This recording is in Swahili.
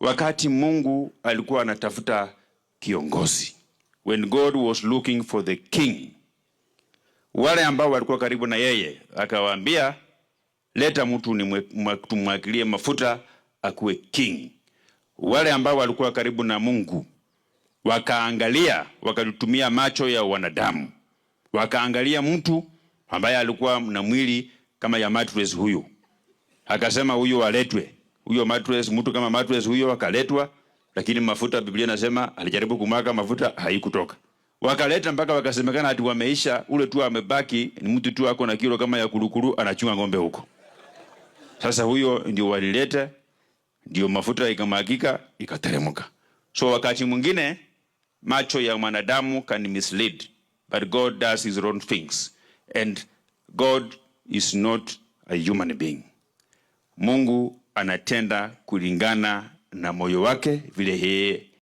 wakati Mungu alikuwa anatafuta kiongozi, when God was looking for the king. Wale ambao walikuwa karibu na yeye akawaambia, leta mtu tumwakilie mafuta akuwe king. Wale ambao walikuwa karibu na Mungu wakaangalia, wakatumia macho ya wanadamu, wakaangalia mtu ambaye alikuwa na mwili kama ya mattress huyu, akasema huyu aletwe huyo Matures, mtu kama Matures huyo akaletwa, lakini mafuta, Biblia inasema alijaribu kumwaga mafuta, haikutoka. Wakaleta mpaka wakasemekana ati wameisha, ule tu amebaki ni mtu tu ako na kilo kama ya kulukuru, anachunga ng'ombe huko. Sasa huyo ndio walileta, ndio mafuta ikamwagika, ikateremka. So wakati mwingine macho ya mwanadamu can mislead, but God does his own things and God is not a human being. Mungu anatenda kulingana na moyo wake vile yeye